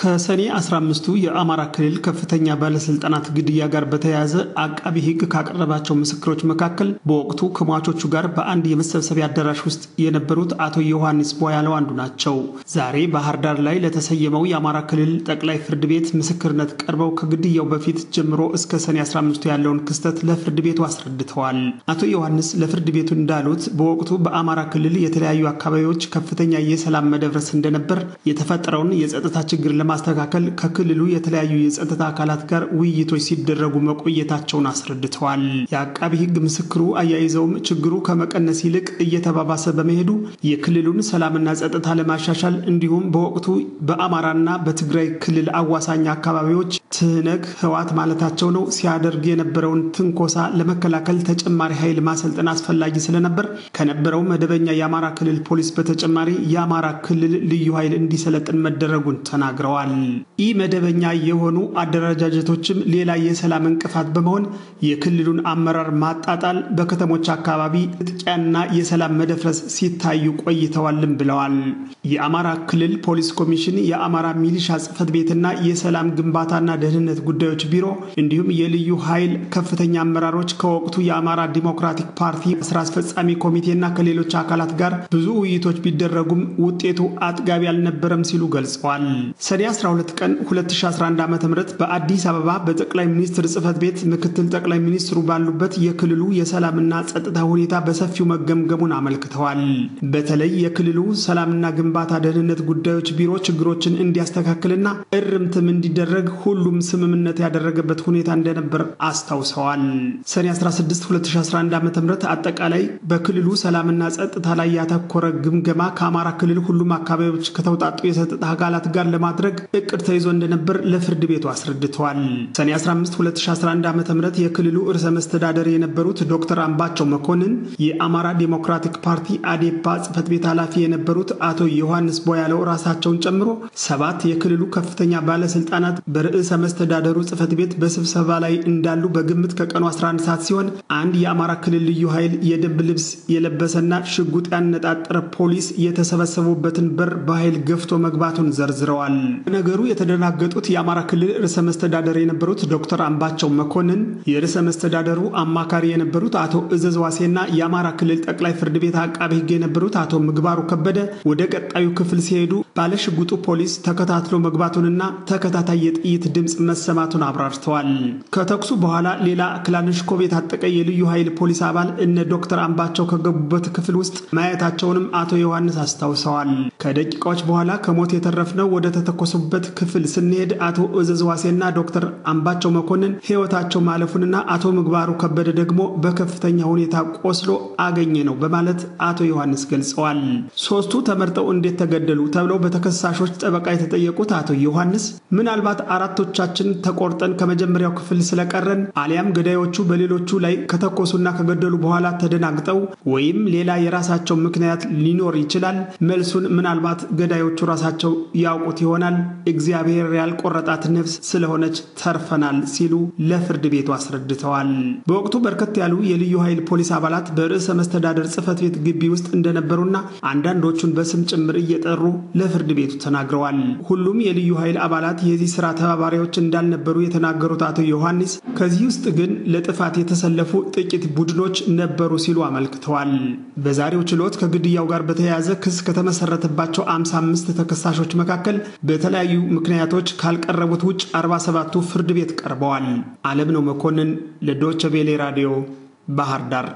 ከሰኔ 15ቱ የአማራ ክልል ከፍተኛ ባለስልጣናት ግድያ ጋር በተያያዘ አቃቢ ሕግ ካቀረባቸው ምስክሮች መካከል በወቅቱ ከሟቾቹ ጋር በአንድ የመሰብሰቢያ አዳራሽ ውስጥ የነበሩት አቶ ዮሐንስ ቦያለው አንዱ ናቸው። ዛሬ ባህር ዳር ላይ ለተሰየመው የአማራ ክልል ጠቅላይ ፍርድ ቤት ምስክርነት ቀርበው ከግድያው በፊት ጀምሮ እስከ ሰኔ 15 ያለውን ክስተት ለፍርድ ቤቱ አስረድተዋል። አቶ ዮሐንስ ለፍርድ ቤቱ እንዳሉት በወቅቱ በአማራ ክልል የተለያዩ አካባቢዎች ከፍተኛ የሰላም መደፍረስ እንደነበር የተፈጠረውን የጸጥታ ችግር ለማስተካከል ከክልሉ የተለያዩ የጸጥታ አካላት ጋር ውይይቶች ሲደረጉ መቆየታቸውን አስረድተዋል። የአቃቢ ሕግ ምስክሩ አያይዘውም ችግሩ ከመቀነስ ይልቅ እየተባባሰ በመሄዱ የክልሉን ሰላምና ጸጥታ ለማሻሻል እንዲሁም በወቅቱ በአማራና በትግራይ ክልል አዋሳኝ አካባቢዎች ትህነግ ህዋት ማለታቸው ነው ሲያደርግ የነበረውን ትንኮሳ ለመከላከል ተጨማሪ ኃይል ማሰልጠን አስፈላጊ ስለነበር ከነበረው መደበኛ የአማራ ክልል ፖሊስ በተጨማሪ የአማራ ክልል ልዩ ኃይል እንዲሰለጥን መደረጉን ተናግረዋል። ብለዋል። ኢ መደበኛ የሆኑ አደረጃጀቶችም ሌላ የሰላም እንቅፋት በመሆን የክልሉን አመራር ማጣጣል፣ በከተሞች አካባቢ እጥቂያና የሰላም መደፍረስ ሲታዩ ቆይተዋልም ብለዋል። የአማራ ክልል ፖሊስ ኮሚሽን፣ የአማራ ሚሊሻ ጽህፈት ቤትና የሰላም ግንባታና ደህንነት ጉዳዮች ቢሮ እንዲሁም የልዩ ኃይል ከፍተኛ አመራሮች ከወቅቱ የአማራ ዲሞክራቲክ ፓርቲ ስራ አስፈጻሚ ኮሚቴና ከሌሎች አካላት ጋር ብዙ ውይይቶች ቢደረጉም ውጤቱ አጥጋቢ አልነበረም ሲሉ ገልጸዋል። ሰኔ 12 ቀን 2011 ዓ ም በአዲስ አበባ በጠቅላይ ሚኒስትር ጽህፈት ቤት ምክትል ጠቅላይ ሚኒስትሩ ባሉበት የክልሉ የሰላምና ጸጥታ ሁኔታ በሰፊው መገምገሙን አመልክተዋል። በተለይ የክልሉ ሰላምና ግንባታ ደህንነት ጉዳዮች ቢሮ ችግሮችን እንዲያስተካክልና እርምትም እንዲደረግ ሁሉም ስምምነት ያደረገበት ሁኔታ እንደነበር አስታውሰዋል። ሰኔ 16 2011 ዓ ም አጠቃላይ በክልሉ ሰላምና ጸጥታ ላይ ያተኮረ ግምገማ ከአማራ ክልል ሁሉም አካባቢዎች ከተውጣጡ የጸጥታ አካላት ጋር ለማድረግ እቅድ ተይዞ እንደነበር ለፍርድ ቤቱ አስረድተዋል። ሰኔ 15 2011 ዓ ም የክልሉ ርዕሰ መስተዳደር የነበሩት ዶክተር አምባቸው መኮንን፣ የአማራ ዴሞክራቲክ ፓርቲ አዴፓ ጽህፈት ቤት ኃላፊ የነበሩት አቶ ዮሐንስ ቦያለው ራሳቸውን ጨምሮ ሰባት የክልሉ ከፍተኛ ባለስልጣናት በርዕሰ መስተዳደሩ ጽህፈት ቤት በስብሰባ ላይ እንዳሉ በግምት ከቀኑ 11 ሰዓት ሲሆን አንድ የአማራ ክልል ልዩ ኃይል የደንብ ልብስ የለበሰና ሽጉጥ ያነጣጠረ ፖሊስ የተሰበሰቡበትን በር በኃይል ገፍቶ መግባቱን ዘርዝረዋል። ነገሩ የተደናገጡት የአማራ ክልል ርዕሰ መስተዳደር የነበሩት ዶክተር አምባቸው መኮንን፣ የርዕሰ መስተዳደሩ አማካሪ የነበሩት አቶ እዘዝ ዋሴና የአማራ ክልል ጠቅላይ ፍርድ ቤት አቃቤ ሕግ የነበሩት አቶ ምግባሩ ከበደ ወደ ቀጣዩ ክፍል ሲሄዱ ባለሽጉጡ ፖሊስ ተከታትሎ መግባቱንና ተከታታይ የጥይት ድምፅ መሰማቱን አብራርተዋል። ከተኩሱ በኋላ ሌላ ክላንሽኮቭ የታጠቀ የልዩ ኃይል ፖሊስ አባል እነ ዶክተር አምባቸው ከገቡበት ክፍል ውስጥ ማየታቸውንም አቶ ዮሐንስ አስታውሰዋል። ከደቂቃዎች በኋላ ከሞት የተረፍነው ወደ ተተኮሰ ወደደረሱበት ክፍል ስንሄድ አቶ እዘዝ ዋሴና ዶክተር አምባቸው መኮንን ሕይወታቸው ማለፉንና አቶ ምግባሩ ከበደ ደግሞ በከፍተኛ ሁኔታ ቆስሎ አገኘ ነው በማለት አቶ ዮሐንስ ገልጸዋል። ሶስቱ ተመርጠው እንዴት ተገደሉ ተብለው በተከሳሾች ጠበቃ የተጠየቁት አቶ ዮሐንስ ምናልባት አራቶቻችን ተቆርጠን ከመጀመሪያው ክፍል ስለቀረን አሊያም ገዳዮቹ በሌሎቹ ላይ ከተኮሱና ከገደሉ በኋላ ተደናግጠው ወይም ሌላ የራሳቸው ምክንያት ሊኖር ይችላል። መልሱን ምናልባት ገዳዮቹ ራሳቸው ያውቁት ይሆናል እግዚአብሔር ያልቆረጣት ነፍስ ስለሆነች ተርፈናል ሲሉ ለፍርድ ቤቱ አስረድተዋል። በወቅቱ በርከት ያሉ የልዩ ኃይል ፖሊስ አባላት በርዕሰ መስተዳደር ጽህፈት ቤት ግቢ ውስጥ እንደነበሩና አንዳንዶቹን በስም ጭምር እየጠሩ ለፍርድ ቤቱ ተናግረዋል። ሁሉም የልዩ ኃይል አባላት የዚህ ስራ ተባባሪዎች እንዳልነበሩ የተናገሩት አቶ ዮሐንስ ከዚህ ውስጥ ግን ለጥፋት የተሰለፉ ጥቂት ቡድኖች ነበሩ ሲሉ አመልክተዋል። በዛሬው ችሎት ከግድያው ጋር በተያያዘ ክስ ከተመሰረተባቸው 55 ተከሳሾች መካከል በተ በተለያዩ ምክንያቶች ካልቀረቡት ውጭ 47ቱ ፍርድ ቤት ቀርበዋል። አለም ነው መኮንን ለዶቸ ቬሌ ራዲዮ ባህር ዳር